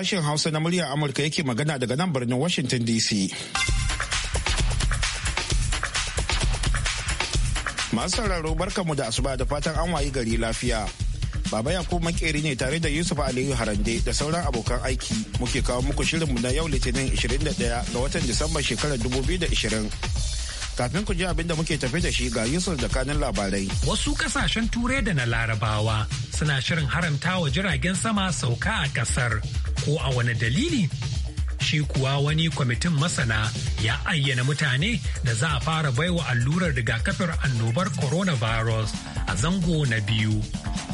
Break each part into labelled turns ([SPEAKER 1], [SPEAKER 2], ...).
[SPEAKER 1] sashen Hausa na muryar Amurka yake magana daga nan birnin Washington DC. Masu sauraro barkamu da asuba da fatan an wayi gari lafiya. Baba ya Yakubu makeri ne tare da Yusuf Aliyu Harande da sauran abokan aiki muke kawo muku shirinmu na yau Litinin 21 ga watan Disamba shekarar 2020. Kafin ku ji abin da muke tafe da shi ga Yusuf da kanin labarai.
[SPEAKER 2] Wasu kasashen Turai da na Larabawa suna shirin haramta wa jiragen sama sauka a kasar ko a wani dalili shi kuwa wani kwamitin masana ya ayyana mutane da za a fara baiwa allurar rigakafin annobar coronavirus a zango na biyu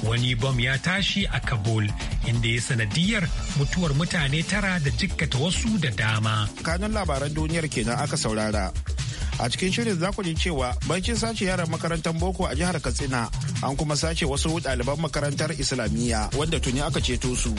[SPEAKER 2] wani bom ya tashi a kabul inda ya sanadiyar mutuwar mutane tara da jikkata wasu da dama
[SPEAKER 1] kanun labaran duniyar kenan aka saurara a cikin shirin za ku ji cewa bankin sace yaran makarantar boko a jihar katsina an kuma sace wasu ɗaliban makarantar islamiyya wanda tuni aka ceto su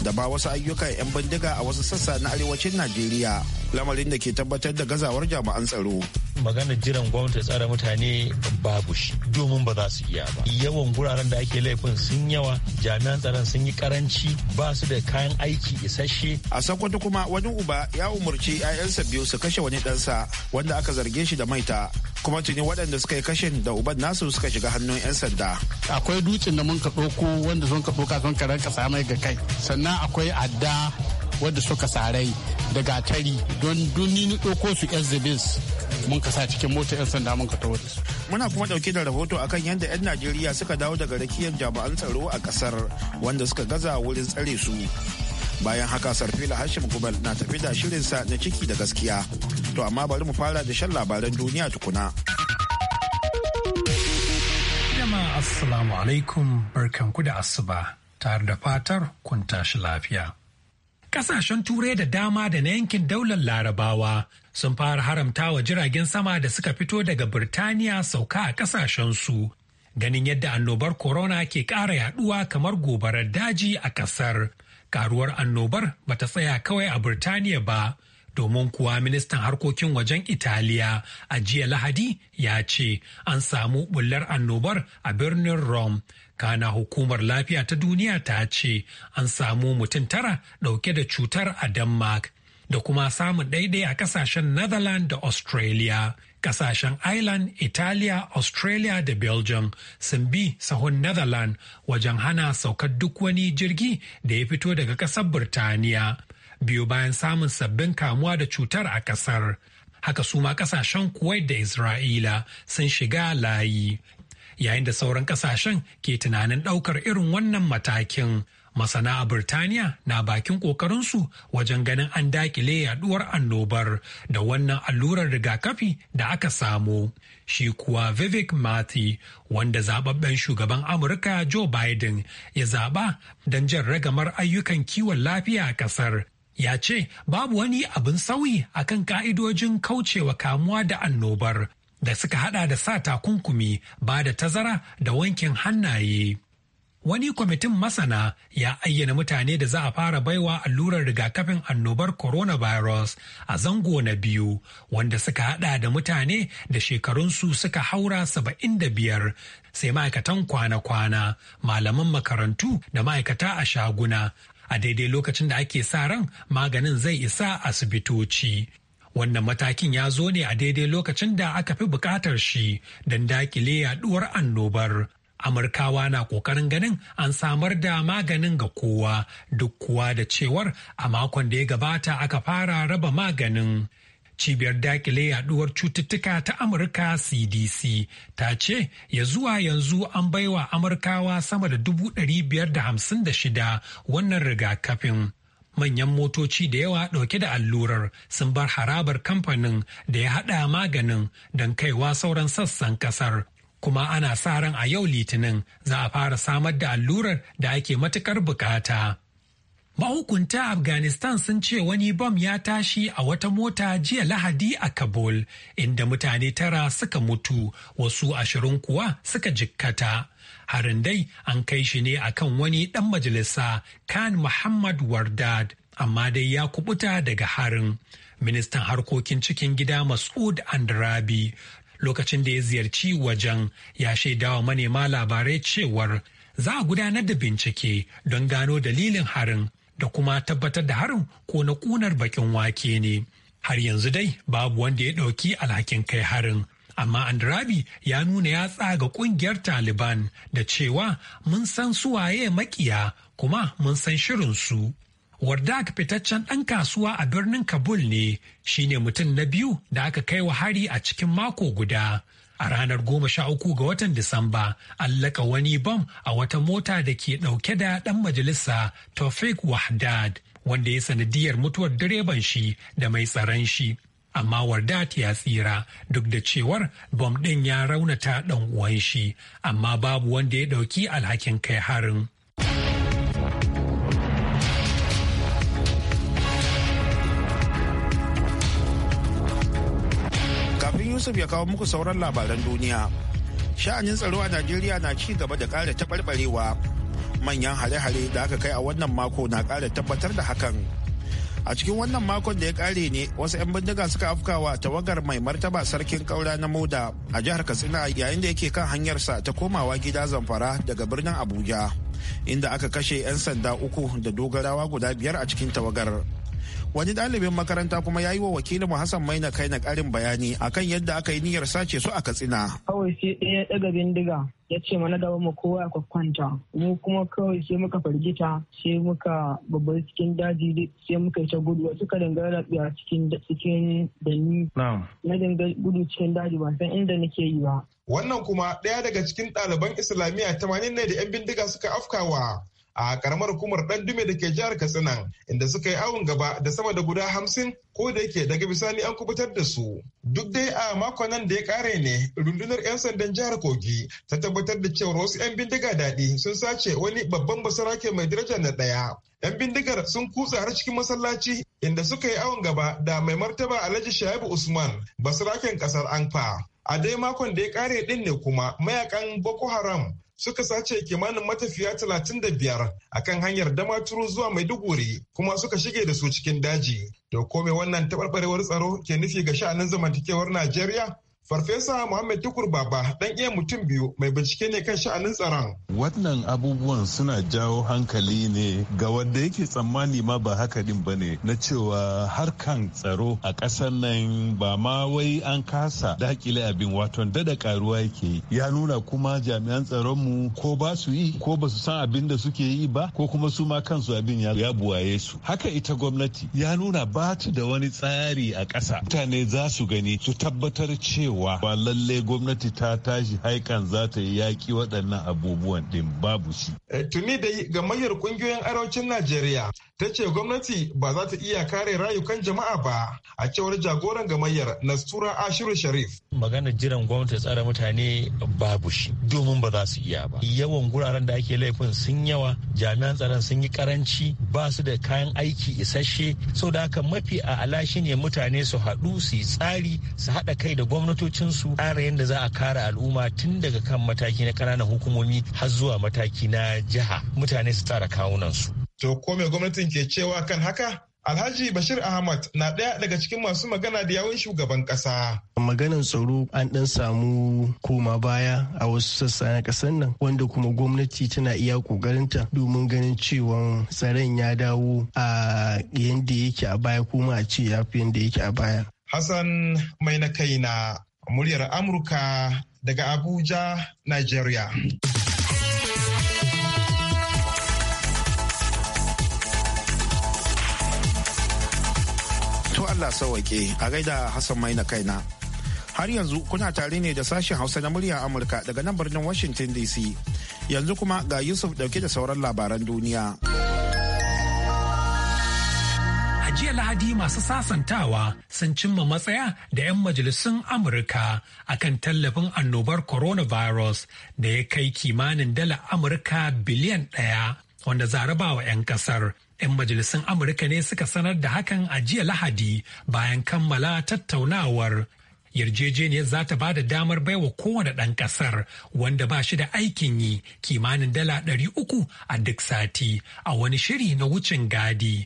[SPEAKER 1] da ba wasu ayyukan 'yan bindiga a wasu sassa na arewacin najeriya lamarin da ke tabbatar da gazawar jami'an tsaro
[SPEAKER 3] magana jiran gwamnati tsara mutane babu shi domin ba za su iya ba yawan guraren da ake laifin sun yawa jami'an tsaron sun yi karanci ba su da kayan aiki isasshe
[SPEAKER 1] a sakwato kuma wani uba ya umarci 'ya'yansa biyu su kashe wani ɗansa wanda aka zarge shi da maita kuma tuni waɗanda suka yi kashin da uban nasu suka shiga hannun 'yan sanda
[SPEAKER 3] akwai dutsen da mun ka ɗauko wanda sun ka ɗauka sun ka ranka samai ga kai sannan akwai adda wadda suka sarai daga gatari don duni ɗauko su exhibits mun ka sa cikin mota 'yan sanda mun ka tawo da su.
[SPEAKER 1] Muna kuma ɗauke da rahoto akan yadda 'yan Najeriya suka dawo daga rakiyar jami'an tsaro a ƙasar wanda suka gaza wurin tsare su. Bayan haka Sarfila Hashim Gubal na tafi da shirinsa na ciki da gaskiya. To amma bari mu fara da shan labaran duniya tukuna.
[SPEAKER 2] Assalamu alaikum barkanku da asuba tare da fatar kun tashi lafiya. Ƙasashen Turai da dama da na yankin daular Larabawa sun fara haramta wa jiragen sama da suka fito daga Birtaniya sauka a ƙasashensu. Ganin yadda annobar corona ke ƙara yaduwa kamar gobarar daji a ƙasar. Karuwar annobar bata tsaya kawai a Birtaniya ba, domin kuwa ministan harkokin wajen Italiya a jiya Lahadi ya ce an samu bullar annobar a birnin Rome kana hukumar lafiya ta duniya ta ce an samu mutum tara dauke da cutar a denmark da kuma samun daidai a kasashen netherlands da australia kasashen ireland Italia, australia da belgium sun bi sahun netherlands wajen hana saukar duk wani jirgi da ya fito daga kasar birtaniya biyu bayan samun sabbin kamuwa da cutar a kasar haka suma ma kasashen kuwait da isra'ila sun shiga layi yayin da sauran kasashen ke tunanin ɗaukar irin wannan matakin. Masana a Birtaniya na bakin ƙoƙarinsu wajen ganin an dakile yaduwar annobar da wannan allurar rigakafi da aka samu. Shi kuwa Vivek Mathi, wanda zababben shugaban Amurka Joe Biden ya zaba don jan ragamar ayyukan kiwon lafiya a ƙasar. Ya ce babu wani abin sauyi akan ka'idojin kaucewa kamuwa da annobar da suka hada da sa takunkumi ba da tazara da wankin hannaye. Wani kwamitin masana ya ayyana mutane da za a fara baiwa allurar rigakafin annobar coronavirus a zango na biyu wanda suka hada da mutane da shekarunsu suka haura saba'in da biyar sai ma'aikatan kwana-kwana malaman makarantu da ma'aikata a shaguna a daidai lokacin da ake sa ran maganin zai isa asibitoci. Wannan matakin ya zo ne a daidai lokacin da aka fi bukatar shi don dakile yaduwar annobar. Amurkawa na ƙoƙarin ganin an samar da maganin ga kowa duk kuwa da cewar a makon da ya gabata aka fara raba maganin. Cibiyar dakile yaduwar cututtuka ta Amurka CDC ta ce ya zuwa yanzu an baiwa Amurkawa sama da dubu biyar da hamsin da shida wannan rigakafin. manyan motoci da yawa ɗauke da allurar sun bar harabar kamfanin da ya haɗa maganin don kaiwa sauran sassan ƙasar. Kuma ana sa ran a yau litinin za a fara samar da allurar da ake matuƙar bukata. Mahukunta Afghanistan sun ce wani bam ya tashi a wata mota jiya Lahadi a Kabul, inda mutane tara suka mutu, wasu ashirin kuwa suka jikkata. Harin dai an kai shi ne akan wani ɗan majalisa Khan Muhammad Wardad, amma dai ya kubuta daga harin. Ministan harkokin cikin gida Masud Andrabi lokacin da ya ziyarci wajen ya shaidawa manema labarai cewar za a gudanar da bincike don gano dalilin harin da kuma tabbatar da harin ko na ƙunar bakin wake ne. Har yanzu dai babu wanda ya ɗauki alhakin kai harin. Amma Andrabi ya nuna ya tsaga ƙungiyar Taliban da cewa mun san suwaye makiya kuma mun san shirinsu. Wardak fitaccen ɗan kasuwa a birnin Kabul ne shine mutum na biyu da aka kai wa hari a cikin mako guda. a ranar goma sha uku ga watan Disamba an laka wani bam a wata mota da ke ɗauke da ɗan majalisa Tofik Wahdad wanda ya sanadiyar mutuwar direban shi da mai tsaron shi. Amma Wardat ya tsira duk da cewar bom ɗin ya raunata ɗan uwan shi, amma babu wanda ya ɗauki alhakin kai harin.
[SPEAKER 1] Yusuf ya kawo muku sauran labaran duniya. Sha'anin tsaro a Najeriya na ci gaba da ƙara taɓarɓarewa. Manyan hare-hare da aka kai a wannan mako na ƙara tabbatar da hakan. a cikin wannan makon da ya ƙare ne wasu 'yan bindiga suka afkawa tawagar mai martaba sarkin kaura na moda a jihar katsina yayin da yake kan hanyarsa ta komawa gida zamfara daga birnin abuja inda aka kashe 'yan sanda uku da dogarawa guda biyar a cikin tawagar wani ɗalibin makaranta kuma ya yi wa wakilin hassan maina kai na ƙarin bayani akan yadda aka yi niyyar sace su a katsina
[SPEAKER 4] kawai sai ɗaya ɗaga bindiga ya ce mana gaba mu kowa ya kwakwanta mu kuma kawai sai muka fargita sai muka babbar cikin daji sai muka yi ta gudu wasu ka dinga rabiya cikin cikin ni na dinga gudu cikin daji ba san inda nake yi ba
[SPEAKER 5] wannan kuma ɗaya daga cikin ɗaliban islamiyya tamanin ne da 'yan bindiga suka afkawa a karamar hukumar dan dume da ke jihar katsina inda suka yi awon gaba da sama da guda hamsin ko da yake daga bisani an kubutar da su duk dai a makon nan da ya kare ne rundunar 'yan sandan jihar kogi ta tabbatar da cewar wasu 'yan bindiga daɗi sun sace wani babban basarake mai daraja na ɗaya 'yan bindigar sun kutsa har cikin masallaci inda suka yi awon gaba da mai martaba alhaji shaibu usman basaraken kasar anfa a dai makon da ya kare ɗin ne kuma mayakan boko haram suka sace kimanin matafiya talatin da biyar a kan hanyar damaturu zuwa maiduguri kuma suka shige da su cikin daji to kome wannan taɓarɓarewar tsaro ke nufi ga sha'anin zamantakewar najeriya Farfesa Muhammad Tukur Baba dan iya mutum biyu mai bincike ne kan sha'anin tsaron. Wannan abubuwan suna jawo hankali ne ga wanda yake tsammani ma ba haka din bane na cewa harkan tsaro a ƙasar nan ba ma wai an kasa dakile abin wato dada karuwa yake ya nuna kuma jami'an tsaron mu ko ba su yi ko ba su san abin da suke yi ba ko kuma su ma kansu abin ya buwaye su. Haka ita gwamnati ya nuna ba ta da wani tsari a ƙasa. Mutane za su gani su tabbatar cewa cewa ba lalle gwamnati ta tashi haikan za ta yi yaƙi waɗannan abubuwan ɗin babu shi. E, tuni da gamayyar ƙungiyoyin arewacin Najeriya ta ce gwamnati ba za ta iya kare rayukan jama'a ba a cewar jagoran gamayyar Nastura Ashiru Sharif.
[SPEAKER 3] magana jiran gwamnati tsara mutane babu shi domin ba za su iya ba. Yawan guraren da ake laifin sun yawa jami'an tsaron sun yi karanci ba su da kayan aiki isasshe sau da haka mafi a alashi ne mutane su haɗu su yi tsari su haɗa kai da gwamnati gwamnatocinsu su tsara yadda za a kare al'umma tun daga kan mataki na kananan hukumomi har zuwa mataki na jiha mutane su tsara kawunan su.
[SPEAKER 5] To ko me gwamnatin ke cewa kan haka? Alhaji Bashir Ahmad na ɗaya daga cikin masu magana da yawun shugaban ƙasa.
[SPEAKER 6] Maganan tsaro an ɗan samu koma baya a wasu sassa na ƙasar nan wanda kuma gwamnati tana iya ƙoƙarinta domin ganin cewa tsaron ya dawo
[SPEAKER 5] a yadda yake a baya kuma a ce ya fi yadda yake a baya. Hassan mai na kaina Muryar Amurka daga Abuja, Nigeria.
[SPEAKER 1] To Allah sawake a gaida Hassan mai na kaina. Har yanzu kuna tare ne da sashen Hausa na muryar Amurka daga nan birnin Washington DC. Yanzu kuma ga Yusuf dauke da sauran labaran duniya.
[SPEAKER 2] jiya lahadi masu sasantawa sun cimma matsaya da 'yan majalisun amurka akan tallafin annobar coronavirus da ya kai kimanin dala amurka biliyan ɗaya wanda zarabawa 'yan kasar 'yan majalisun amurka ne suka sanar da hakan a jiya lahadi bayan kammala tattaunawar yarjejeniyar za ta ba da damar baiwa kowane ɗan ƙasar wanda ba shi da aikin yi kimanin dala ɗari uku a duk sati a wani shiri na wucin gadi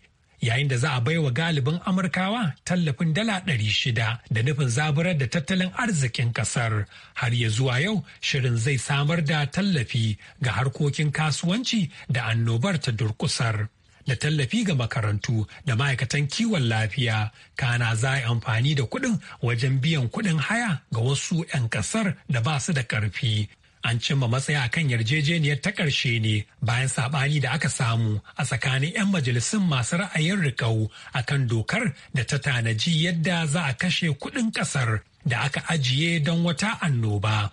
[SPEAKER 2] yayin da za a baiwa galibin Amurkawa tallafin dala ɗari shida da nufin zaburar da tattalin arzikin ƙasar. Har ya zuwa yau shirin zai samar da tallafi ga harkokin kasuwanci da annobar ta durƙusar. da tallafi ga makarantu da ma'aikatan kiwon lafiya kana za a yi amfani da kuɗin wajen biyan kuɗin haya ga wasu 'yan ƙasar da ba su da ƙarfi an cimma matsaya a kan yarjejeniyar ta ƙarshe ne bayan saɓani da aka samu a tsakanin 'yan majalisun masu ra'ayin rikau a kan dokar da ta tanaji yadda za a kashe kuɗin ƙasar da aka ajiye don wata annoba.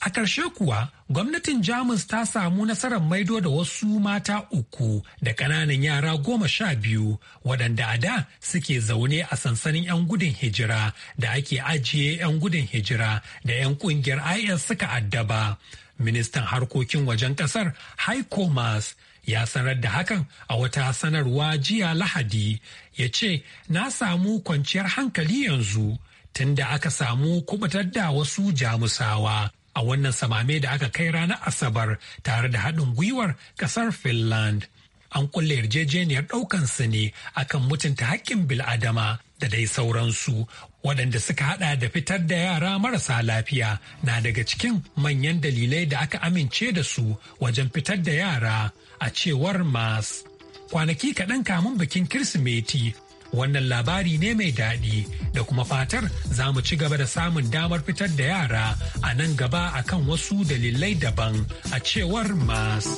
[SPEAKER 2] A ƙarshe kuwa, gwamnatin Jamus ta samu nasarar maido da wasu mata uku da ƙananan yara goma sha biyu waɗanda a da suke zaune a sansanin 'yan gudun hijira da ake ajiye 'yan gudun hijira da 'yan ƙungiyar IS suka addaba. Ministan harkokin wajen ƙasar Haiko Mas ya sanar da hakan a wata sanarwa jiya Lahadi ya ce, "Na samu kwanciyar hankali yanzu." tun da aka samu kubutar da wasu jamusawa a wannan samame da aka kai ranar Asabar tare da haɗin gwiwar ƙasar Finland. An kulle yarjejeniyar ɗaukan su ne akan mutunta haƙƙin bil'adama da dai sauransu waɗanda suka haɗa da fitar da yara marasa lafiya na daga cikin manyan dalilai da aka amince da su wajen fitar da yara a cewar mas kwanaki kaɗan kamun bikin kirsimeti Wannan labari ne mai daɗi da kuma fatar za mu ci gaba da samun damar fitar da yara a nan gaba a kan wasu dalilai daban a cewar mas.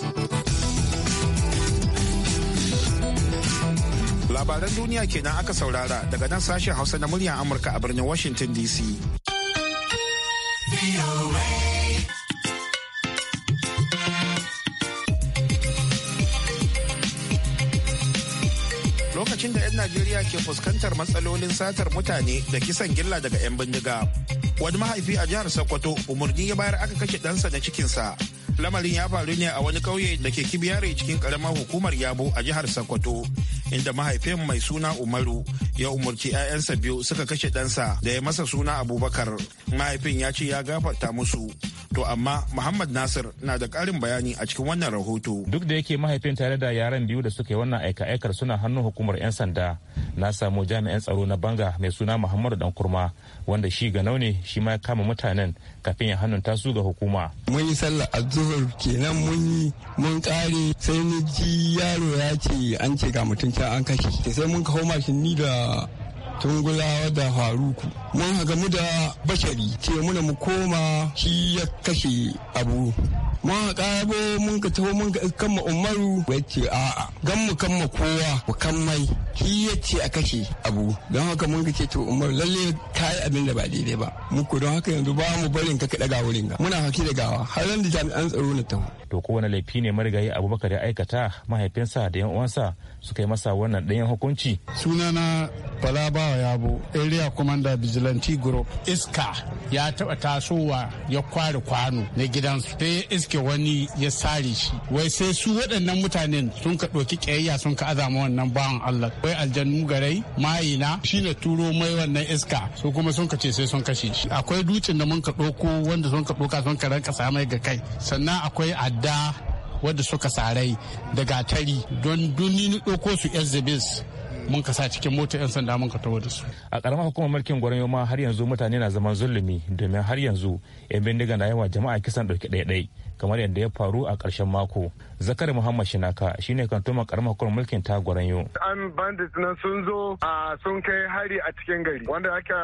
[SPEAKER 1] Labaran duniya kenan aka saurara daga nan sashen Hausa na muryar Amurka a birnin Washington DC. lokacin da 'yan Najeriya ke fuskantar matsalolin satar mutane da kisan gilla daga 'yan bindiga. Wani mahaifi a jihar Sokoto umarni ya bayar aka kashe ɗansa da cikinsa. Lamarin ya faru ne a wani ƙauye da ke kibiyare cikin ƙaramar hukumar Yabo a jihar Sokoto, inda mahaifin mai suna Umaru ya umarci 'ya'yansa biyu suka kashe ɗansa da ya masa suna Abubakar. Mahaifin ya ce ya gafarta musu. To amma Muhammad Nasir na da ƙarin bayani a cikin wannan rahoto.
[SPEAKER 3] Duk da yake mahaifin tare da yaran biyu da suka yi wannan aika-aikar suna hannun hukumar 'yan sanda na samu jami'an tsaro na banga mai suna Muhammadu kurma wanda shi ga nauni shi ma ya kama mutanen kafin ya hannunta su ga hukuma.
[SPEAKER 5] Mun yi sallar azuhur kenan mun yi mun kare sai ni ji yaro ya ce an ce ga mutum can an kashe sai mun kawo mashin ni da tungula da haruku mun haga mu da bashari ce muna mu koma shi ya kashe abu mun ƙarabo mun ka taho mun ka kan ma umaru ya ce a'a gan mu kan ma kowa mu kan mai shi ya ce a kashe abu don haka mun ka ce to umaru lalle ka yi abin da ba daidai ba muku don haka yanzu ba mu barin ka kaɗa gawurin ga muna haki da gawa har da jami'an
[SPEAKER 3] tsaro na taho. to kowane laifi ne marigayi abubakar ya aikata mahaifinsa da yan uwansa suka yi masa wannan ɗayan hukunci. sunana balabawa yabo area commander vigilante group iska ya taɓa tasowa ya kware kwano na gidansu ta suke wani ya sare shi wai sai su waɗannan mutanen sun ka ɗauki ƙayayya sun ka azama wannan bawan Allah wai aljannu garai mayina ne turo mai wannan iska su kuma sun ka ce sai sun kashe shi akwai dutsen da mun ka ɗauko wanda sun ka ɗauka sun ka ranka samai ga kai sannan akwai adda wadda suka sarai da gatari don duni ɗauko su exhibits mun ka sa cikin mota 'yan sanda mun ka tawo da su. A karamar hukumar mulkin Gwaranyo yoma har yanzu mutane na zaman zulumi domin har yanzu 'yan bindiga na yawa jama'a kisan ɗauke ɗaya-ɗaya kamar yadda ya faru a ƙarshen mako zakari muhammad shinaka shine kan karamar hukumar mulkin yau
[SPEAKER 5] an bandit nan sun zo a sun kai hari a cikin gari wanda aka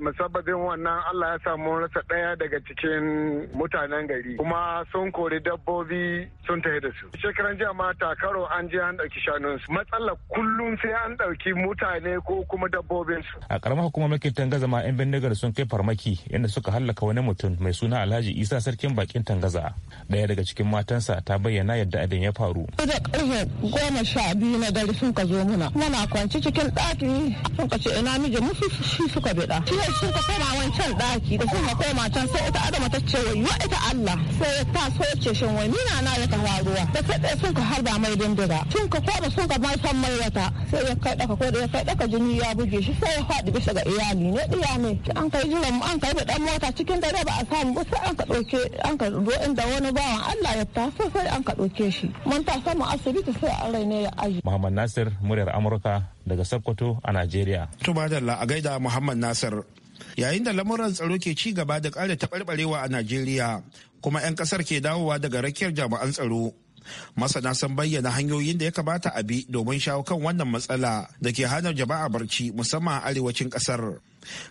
[SPEAKER 5] musabbabin wannan allah ya samu rasa ɗaya daga cikin mutanen gari kuma sun kori dabbobi sun tafi da su shekaran jiya ma takaro an je an ɗauki shanunsu matsala kullum sai an ɗauki mutane ko kuma dabbobin su
[SPEAKER 3] a karamar hukumar mulkin tangazama yan bindigar sun kai farmaki inda suka hallaka wani mutum mai suna alhaji isa sarkin bakin tanga daya ɗaya daga cikin matansa ta bayyana yadda abin ya faru.
[SPEAKER 4] da ƙarfe goma sha biyu na dare sun ka zo muna muna kwanci cikin ɗaki sun ka ce ina miji musu shi suka biɗa shi sun ka koma wancan ɗaki da sun ka koma can sai ita adama ta ce wai wa ita Allah sai ta so ce shin wai mina na ya ta da sai ɗaya sun ka harba mai bindiga sun ka koma sun ka mai san mai wata sai ya kai ɗaka ko da ya kai ɗaka jini ya buge shi sai ya faɗi bisa ga iyali ne ɗiya ne an kai jiran an kai da ɗan mota cikin dare ba a samu ba sai an ka ɗauke an ka inda wani bawan Allah ya taso sai an ka shi mun ta sama asibiti sai an raine ya aji.
[SPEAKER 3] Muhammad
[SPEAKER 1] Nasir muryar Amurka daga Sokoto a Najeriya. Tuba da a gaida Muhammad Nasir yayin da lamuran tsaro ke ci gaba da ƙara taɓarɓarewa a Najeriya kuma 'yan ƙasar ke dawowa daga rakiyar jami'an tsaro. Masana sun bayyana hanyoyin da ya kamata a bi domin shawo kan wannan matsala da ke hana jama'a barci musamman a arewacin ƙasar.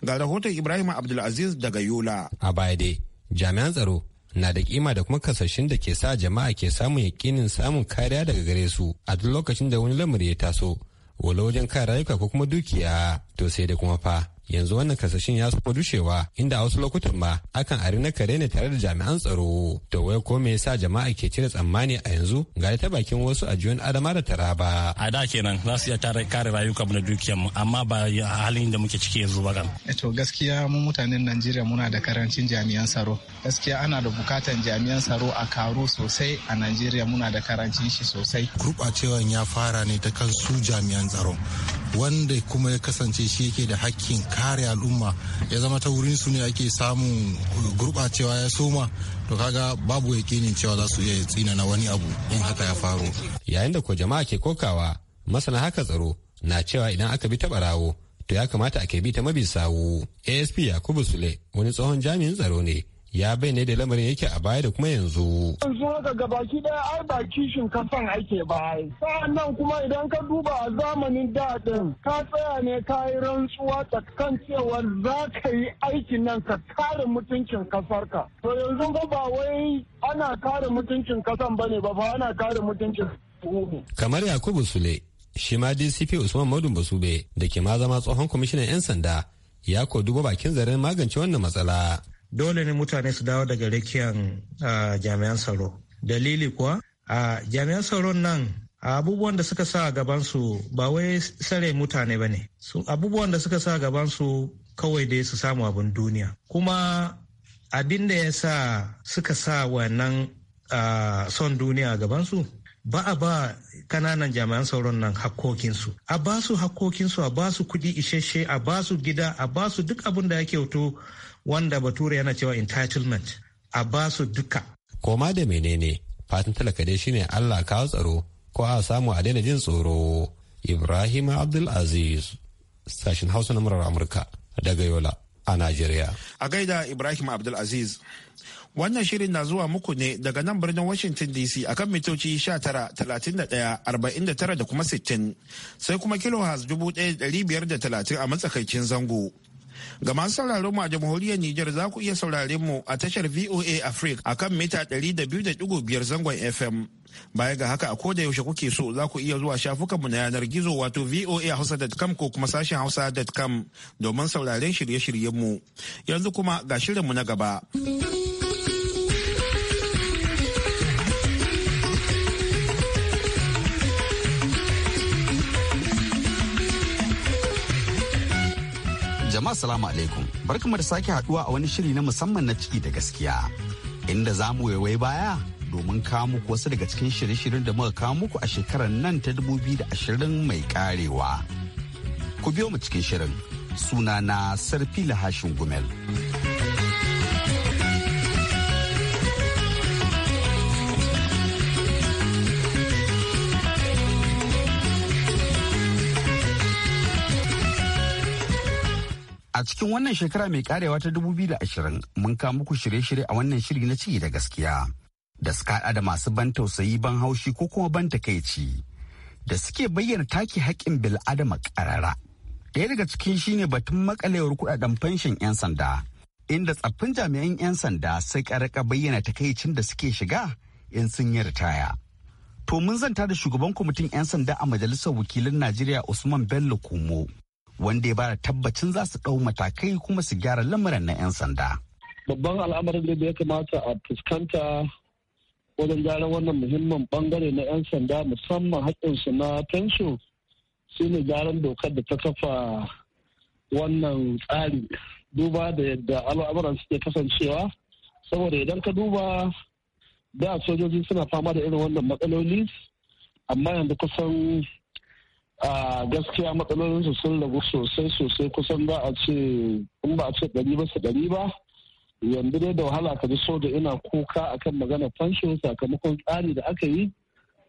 [SPEAKER 1] Ga rahoton Ibrahim Abdulaziz daga Yola. A baya dai, jami'an tsaro na da kima da
[SPEAKER 7] kuma kasashen da ke sa jama'a ke samun yakinin samun kariya daga gare su a duk lokacin da wani lamari ya taso wala wajen kan rayuka ko kuma dukiya to sai da kuma fa yanzu wannan kasashen ya saba dushewa inda a wasu lokutan ma akan ari na kare ne tare da jami'an tsaro to wai ko me yasa jama'a ke cire tsammani a yanzu ga ta bakin wasu a jiyon adama da
[SPEAKER 3] taraba a da kenan za su iya kare rayuka mu dukiyar mu amma ba halin da muke ciki yanzu ba kan eh to gaskiya mu mutanen Najeriya muna da karancin jami'an tsaro gaskiya ana da bukatan jami'an tsaro a karo sosai a Najeriya muna da karancin shi sosai
[SPEAKER 6] gurbacewan ya fara ne ta
[SPEAKER 7] kan su jami'an tsaro wanda kuma ya kasance shi yake da hakkin kare al'umma ya zama ta wurin su ne ake samun gurɓacewa ya soma to kaga babu yakinin cewa za su iya tsina na wani abu in haka ya faru yayin da ko jama'a ke kokawa masana haka tsaro na cewa idan aka bi ta barawo to ya kamata a bi ta mabi sawu asp yakubu sule wani tsohon jami'in tsaro ne ya bayyana da lamarin yake a baya da kuma yanzu. Yanzu haka gabaki ɗaya ai ba kishin kasan ake ba. nan kuma idan
[SPEAKER 6] ka duba a zamanin da ɗin ka tsaya ne ka yi rantsuwa ta kan cewa za ka yi aikin nan ka kare mutuncin kasarka.
[SPEAKER 8] To yanzu ba ba wai
[SPEAKER 4] ana kare mutuncin kasan bane ba ba ana kare mutuncin.
[SPEAKER 7] Kamar Yakubu Sule, shi ma DCP Usman Madun Basube da ke ma zama tsohon kwamishinan 'yan sanda ya ko duba bakin zaren magance wannan matsala. dole ne mutane su dawo daga rakiyan
[SPEAKER 6] jami'an tsaro dalili kuwa a jami'an tsaron nan abubuwan da suka sa a gabansu ba wai sare mutane ba ne abubuwan da suka sa a gabansu kawai dai su samu abin duniya kuma abin da ya sa suka sa wannan son duniya a gabansu ba a ba kananan jami'an sauron nan hakkokinsu a ba su hakkokinsu a ba su kuɗi isasshe a ba su gida a ba su duk
[SPEAKER 7] abin da ya kyautu wanda bature yana cewa entitlement a ba su duka koma da menene fatan talaka dai shine allah ka tsaro ko a samu a daina jin tsoro ibrahim abdulaziz sashen hausa na murar amurka daga yola a Najeriya.
[SPEAKER 1] A gaida Ibrahim Abdulaziz. Wannan shirin na zuwa muku ne daga nan birnin Washington DC a kan mitoci 19,31,49 da kuma 60 sai kuma kilohaz 1,530 a matsakaicin zango. Ga masu sauraron mu a jamhuriyar Nijar za ku iya sauraren mu a tashar VOA Africa a kan mita 200.5 zangon FM. Baya ga haka a koda yaushe kuke so za ku iya zuwa shafukanmu na yanar gizo wato voahausa.com ko kuma sashen hausa.com domin sauraren shirye-shiryen mu. Yanzu kuma ga shirinmu na gaba.
[SPEAKER 9] Jama'a salamu alaikum. Barkamu da sake haduwa a wani shiri na musamman na ciki da gaskiya. Inda za mu waiwai baya domin kawo muku wasu daga cikin shirye-shiryen da muka kawo muku a shekarar nan ta dubu biyu da ashirin mai karewa. Ku biyo mu cikin shirin. Sunana Sarfila Hashin Gumel. A cikin wannan shekara mai karewa ta 2020 mun kawo muku shirye-shirye a wannan shiri na ciki da gaskiya. Da suka da masu ban tausayi ban haushi ko kuma ban takaici. Da suke bayyana take haƙƙin bil'adama ƙarara. Ɗaya daga cikin shine batun makalewar kuɗaɗen fanshin 'yan sanda. Inda tsaffin jami'an 'yan sanda sai ƙarƙa bayyana takaicin da suke shiga in sun yi ritaya. To mun zanta da shugaban kwamitin 'yan sanda a majalisar wakilan Najeriya Usman Bello Kumo wanda ya bada tabbacin za su ɗau matakai kuma su gyara lamarin na 'yan sanda.
[SPEAKER 4] Babban al'amarin da ya kamata a fuskanta wajen gyara wannan muhimmin bangare na 'yan sanda musamman haƙƙinsu na fensho shi ne gyaran dokar da ta kafa wannan tsari duba da yadda al'amuran suke kasancewa saboda idan ka duba da sojoji suna fama da irin wannan matsaloli amma yanzu kusan a gaskiya matsalolinsu sun ragu sosai sosai kusan za a ce in ba a ce ɗari ba su ɗari ba yanzu dai da wahala ka ji soja ina kuka akan magana fansho sakamakon tsari da aka yi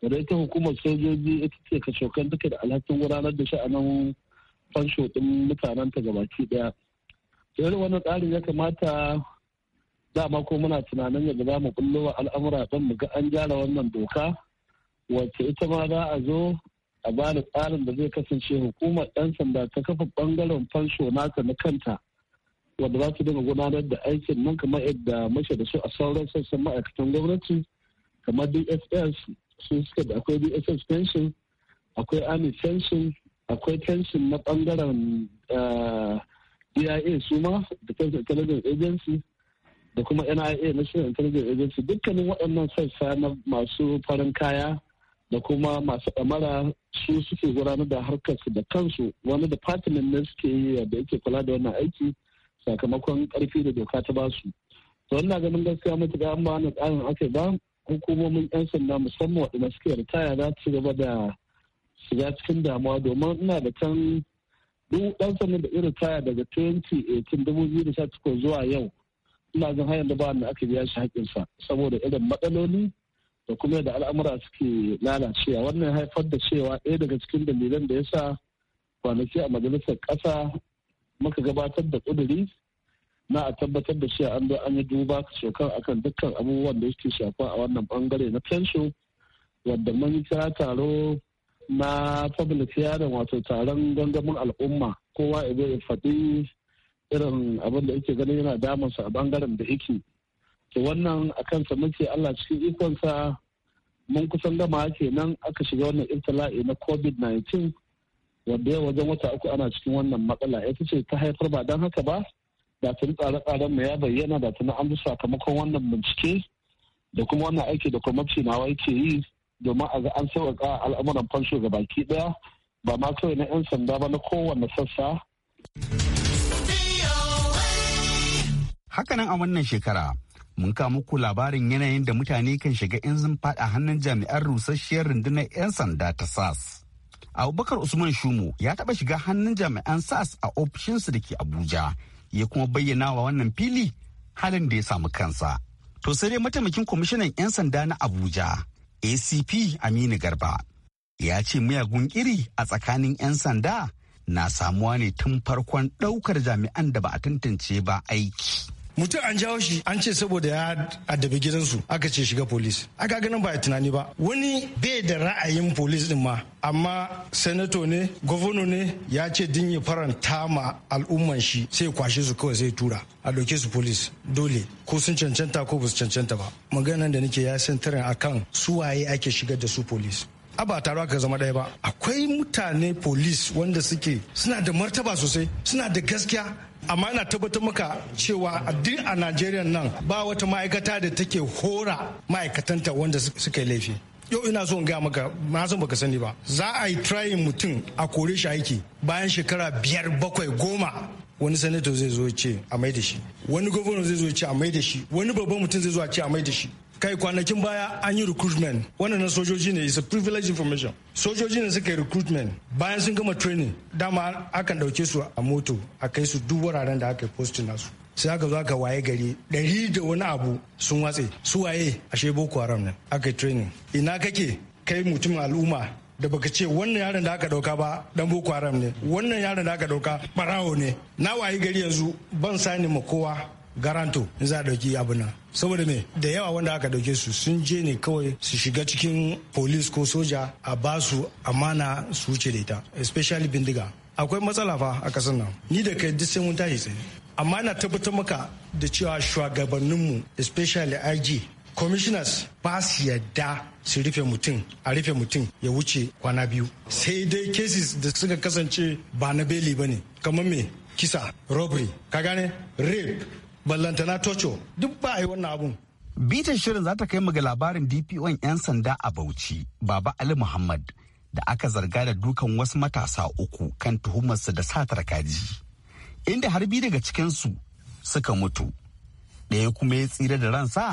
[SPEAKER 4] da ita hukumar sojoji ita ce ka cokan duka da alhakin gudanar da sha'anin fansho ɗin mutanen ta gabaki ɗaya irin wani tsarin ya kamata dama ko muna tunanin yadda za mu wa al'amura dan mu ga an gyara wannan doka wacce ita ma za a zo a bani tsarin da zai kasance hukumar 'yan sanda ta kafa bangaren fansho naka na kanta wanda za su dinga gudanar da aikin nan kamar yadda mace da su a sauran sassan ma'aikatan gwamnati kamar dss sun suka da akwai dss pension akwai army pension akwai pension na bangaren eh, dia su ma defense intelligence agency da kuma nia national intelligence agency dukkanin waɗannan sassa na masu farin kaya da kuma masu ɗamara su suke gudanar da harkarsu da kansu wani department ne suke yi da yake kula da wannan aiki sakamakon karfi da doka ta ba su to wannan ganin gaskiya matuƙa an ba wani tsarin ake ba hukumomin yan sanda musamman waɗanda suke ritaya za su gaba da shiga cikin damuwa domin ina da can duk ɗan sanda da irin taya daga 2018 zuwa yau ina ganin hanyar da ba ni aka biya shi haƙƙinsa saboda irin matsaloli da kuma yadda al'amura suke lalacewa wannan haifar da cewa ɗaya daga cikin dalilan da ya sa kwanaki a majalisar ƙasa muka gabatar da ƙuduri na a tabbatar da cewa an an yi duba shekar akan dukkan abubuwan da suke shafa a wannan bangare na fensho wadda mun kira taro na public yaron wato taron gangamin al'umma kowa ya faɗi irin abin da yake ganin yana damunsa a bangaren da yake wannan a kansa muke allah cikin ikonsa mun kusan gama nan aka shiga wannan ibtila'i na covid-19 wanda ya wajen wata uku ana cikin wannan matsala ita ce ta haifar ba don haka ba da ni tsare-tsaren mu ya bayyana da ta na an bi sakamakon wannan bincike da kuma wannan aiki da kwamiti nawa yake yi domin a ga an sauƙaƙa al'amuran fansho ga baki ɗaya ba ma kawai na 'yan sanda ba na kowane sassa.
[SPEAKER 9] Hakanan a wannan shekara mun ka muku labarin yanayin da mutane kan shiga in sun fada hannun jami'an rusasshiyar rundunar 'yan sanda ta sas abubakar usman shumo ya taɓa shiga hannun jami'an sas a ofishinsu da ke abuja ya kuma bayyana wa wannan fili halin da ya samu kansa to sai dai mataimakin kwamishinan 'yan sanda na abuja acp aminu garba ya ce miyagun iri a tsakanin 'yan sanda na samuwa ne tun farkon ɗaukar jami'an da ba a tantance ba aiki
[SPEAKER 6] mutum an jawo shi an ce saboda ya addabi gidansu aka ce shiga polis aka ganin ba a tunani ba wani bai da ra'ayin polis din ma amma senato ne governor ne ya ce din ya faranta ma al'umman shi sai kwashe su kawai sai tura a doke su polis dole ko sun cancanta ko ba su cancanta ba maganan da nake ya santarin akan suwaye ake shigar da su polis a ba taro aka zama ɗaya ba akwai mutane polis wanda suke suna da martaba sosai suna da gaskiya amma ina tabbatar maka cewa duk a najeriya nan ba wata ma'aikata da take hora ma'aikatanta wanda suka yi laifi yau ina so in gaya maka na san baka sani ba za a yi trying mutum a kore shi aiki bayan shekara biyar bakwai goma wani sanato zai zo ce a mai da shi wani gwamna zai zo ce a mai da shi wani babban mutum zai zo a ce a mai da shi kai kwanakin baya an yi recruitment wannan sojoji ne is a privilege information sojoji ne suka yi recruitment bayan sun gama training dama akan ɗauke su a moto a kai su duk wuraren da aka yi nasu sai aka zo aka waye gari ɗari da wani abu sun watse su waye ashe boko haram ne aka yi training ina kake kai mutumin al'umma da baka ce wannan yaron da aka dauka ba dan boko haram ne wannan yaron da aka dauka barawo ne na waye gari yanzu ban sani ma kowa garanto in za a ɗauki abu nan saboda me da yawa wanda aka dauke su sun je ne kawai su shiga cikin polis ko soja a ba su amana su wuce da ita especially bindiga akwai matsala fa a kasan nan ni da kai duk sai mun tashi tsaye amma na tabbatar maka da cewa shugabanninmu especially IG commissioners ba su yadda su rufe mutum a rufe mutum ya wuce kwana biyu sai dai cases da suka kasance ba na beli ba ne kamar me kisa robbery ka gane
[SPEAKER 9] rape ballantana toco duk ba a yi wannan abun bitan shirin za ta kai mu ga labarin dpon 'yan sanda a bauchi baba ali muhammad da aka zarga da dukan wasu matasa uku kan tuhumarsu da satar kaji inda har bi daga cikinsu suka mutu ɗaya kuma ya tsira da ransa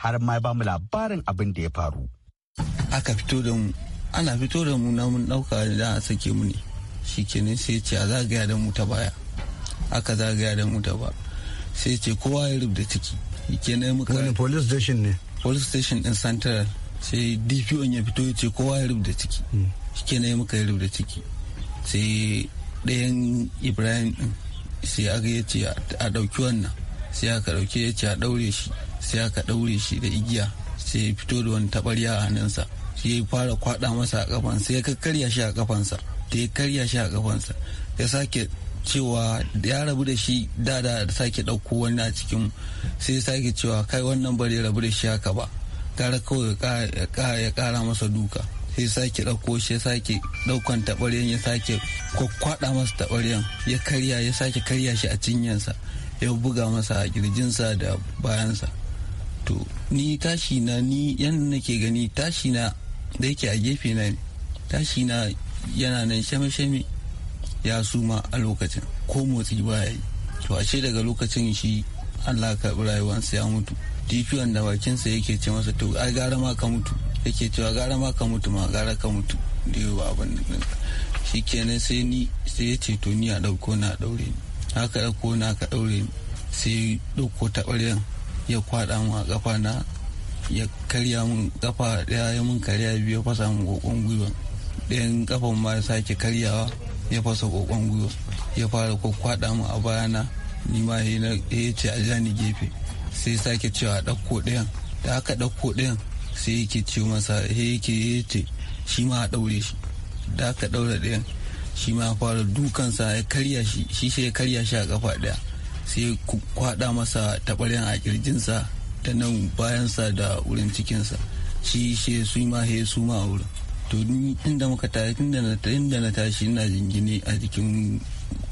[SPEAKER 9] har ma ya mu labarin
[SPEAKER 8] abin da ya faru aka fito da mu ana fito da mu na mun ɗauka da a sake mu ne shi kenan sai ce a zagaya da mu ta baya aka zagaya da mu ta baya sai ce kowa ya rubuta ciki kenan muka wani police station ne police station din central sai dpo ya fito ya ce kowa ya rubuta ciki hmm. kenan muka ya rubuta ciki sai ɗayan ibrahim din sai aka ya ce a ɗauki wannan sai aka ɗauki ya ce a ɗaure shi sai aka ɗaure shi da igiya sai ya fito da wani taɓarya a hannunsa sai ya fara kwaɗa masa a kafansa ya karya shi a kafansa da ya karya shi a kafansa ya sake cewa ya rabu da shi da da sake ɗauko wani a cikin sai sake cewa kai wannan bare rabu da shi haka ba gara kawai ya kara masa duka sai sake ɗauko shi ya sake ɗaukan taɓaryan ya sake kwakwaɗa masa taɓaryan ya karya ya sake karya shi a cinyansa ya buga masa a kirjinsa da bayansa to ni tashi na ni nake gani tashi na da yake a gefe na ne tashi na yana nan shame-shame ya suma a lokacin ko motsi baya yi to ashe daga lokacin shi allah karɓi rayuwarsa ya mutu dpn da bakinsa yake ce masa to ai gara ma ka mutu yake cewa gara ma ka mutu ma gara ka mutu da yau abin shi kenan sai ni sai ya ce to ni a ɗauko na ɗaure ni haka ɗauko na ka ɗaure ni sai ɗauko taɓaryan ya kwaɗa mu a ƙafa na ya karya mun kafa daya ya mun karya biyu fasa mun kokon gwiwa ɗayan kafan ma ya sake karyawa ya fasa kokon gwiwa ya fara kwakwada mu a bayana ni ma ya ce a jani gefe sai sake cewa ɗauko ɗayan da aka ɗauko ɗayan sai yake ce masa yake ya ce shi ma a ɗaure shi da aka ɗaura ɗayan shi ma fara dukansa ya karya shi shi shi ya karya shi a kafa ɗaya sai kwaɗa masa taɓaryan a kirjinsa da nan bayansa da wurin cikinsa shi shi su ma he su a wurin to inda muka tare inda na inda na tashi ina jingine a jikin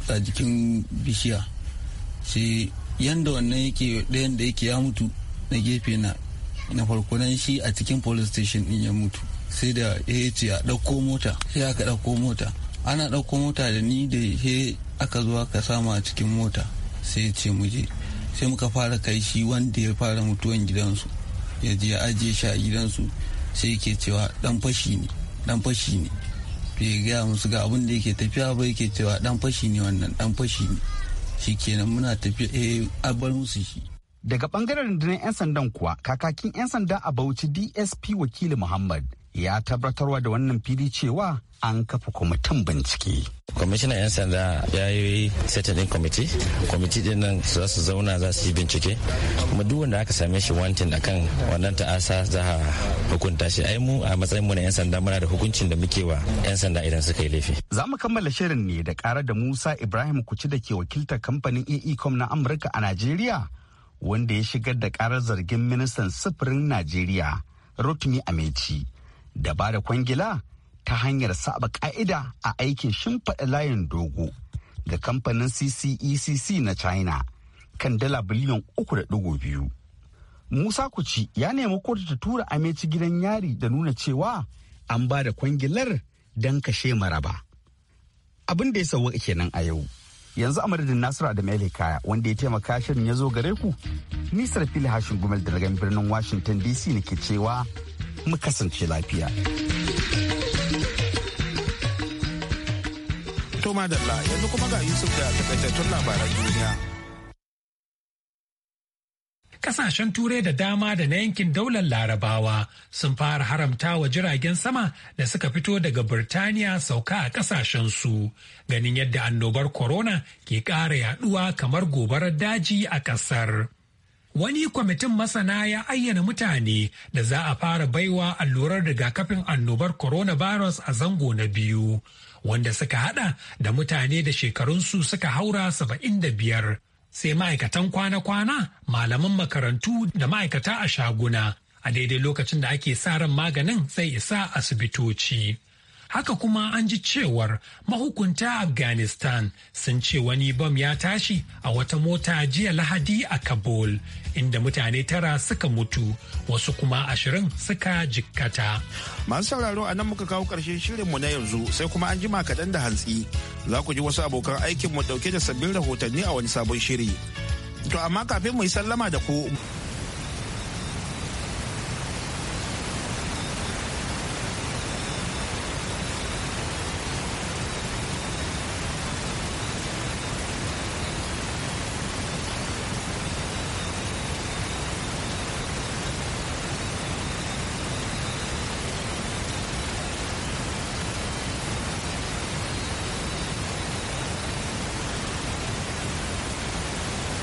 [SPEAKER 8] a jikin bishiya sai yanda wannan yake ɗayan da yake ya mutu na gefe na na farko nan shi a cikin police station din ya mutu sai da ya ce a ɗauko mota sai aka ɗauko mota ana ɗauko mota da ni da he aka zo ka samu a cikin mota sai ce mu je sai muka fara kai shi wanda ya fara mutuwan gidansu ya je ya ajiye shi a gidansu sai ke cewa dan fashi ne dan fashi ne to ya gaya musu ga abin da yake tafiya ba yake cewa dan fashi ne wannan dan fashi ne shikenan muna tafiya
[SPEAKER 9] eh bar musu shi daga bangaren rundunar 'yan sandan kuwa kakakin 'yan sanda a bauchi dsp wakili muhammad ya tabbatarwa da wannan fili cewa an kafa kwamitin bincike.
[SPEAKER 3] kwamishinan 'yan sanda ya yi setanin kwamiti kwamiti din nan za su zauna za su yi bincike kuma duk wanda aka same shi wantin akan wannan ta'asa za a hukunta shi ai mu a matsayin mu na 'yan sanda muna da hukuncin da muke wa 'yan sanda idan suka yi laifi
[SPEAKER 9] za mu kammala shirin ne da ƙara da musa ibrahim kuci da ke wakiltar kamfanin aecom na amurka a najeriya wanda ya shigar da karar zargin ministan sufurin najeriya rotimi ameci. da ba da kwangila ta hanyar saba ka'ida a aikin shimfiɗa layin dogo ga kamfanin CCECC e na China kan dala biliyan uku da biyu. Musa Kuci ya nemi kotu ta tura ameci gidan yari da nuna cewa an ba da kwangilar don kashe maraba. Abin da ya sauwa kenan a yau. Yanzu a madadin Nasiru Adam Kaya wanda ya taimaka shirin ya zo gare ku, Nisar Fili Hashin Gumel da daga birnin Washington DC nake cewa mu kasance lafiya.
[SPEAKER 1] To madalla yanzu kuma ga Yusuf da takaitattun labaran duniya.
[SPEAKER 2] kasashen turai da dama da na yankin daular larabawa sun fara haramta wa jiragen sama da suka fito daga birtaniya sauka a ƙasashensu ganin yadda annobar corona ke ƙara yaduwa kamar gobarar daji a ƙasar. wani kwamitin masana ya ayyana mutane da za a fara baiwa allurar rigakafin annobar coronavirus a zango na biyu wanda suka hada da mutane da shekarunsu suka haura saba'in da biyar, sai ma'aikatan kwana-kwana malaman makarantu da ma'aikata a shaguna a daidai lokacin da ake sa ran maganin sai isa asibitoci. haka kuma an ji cewar mahukunta afghanistan sun ce wani bom ya tashi a wata mota jiya lahadi a kabul inda mutane tara suka mutu wasu kuma ashirin suka jikkata
[SPEAKER 1] masu sauraro a nan muka kawo ƙarshen shirinmu na yanzu sai kuma an jima kaɗan da hantsi za ku ji wasu abokan aikinmu ɗauke da sabbin rahotanni a wani sabon shiri to amma kafin mu yi sallama da ku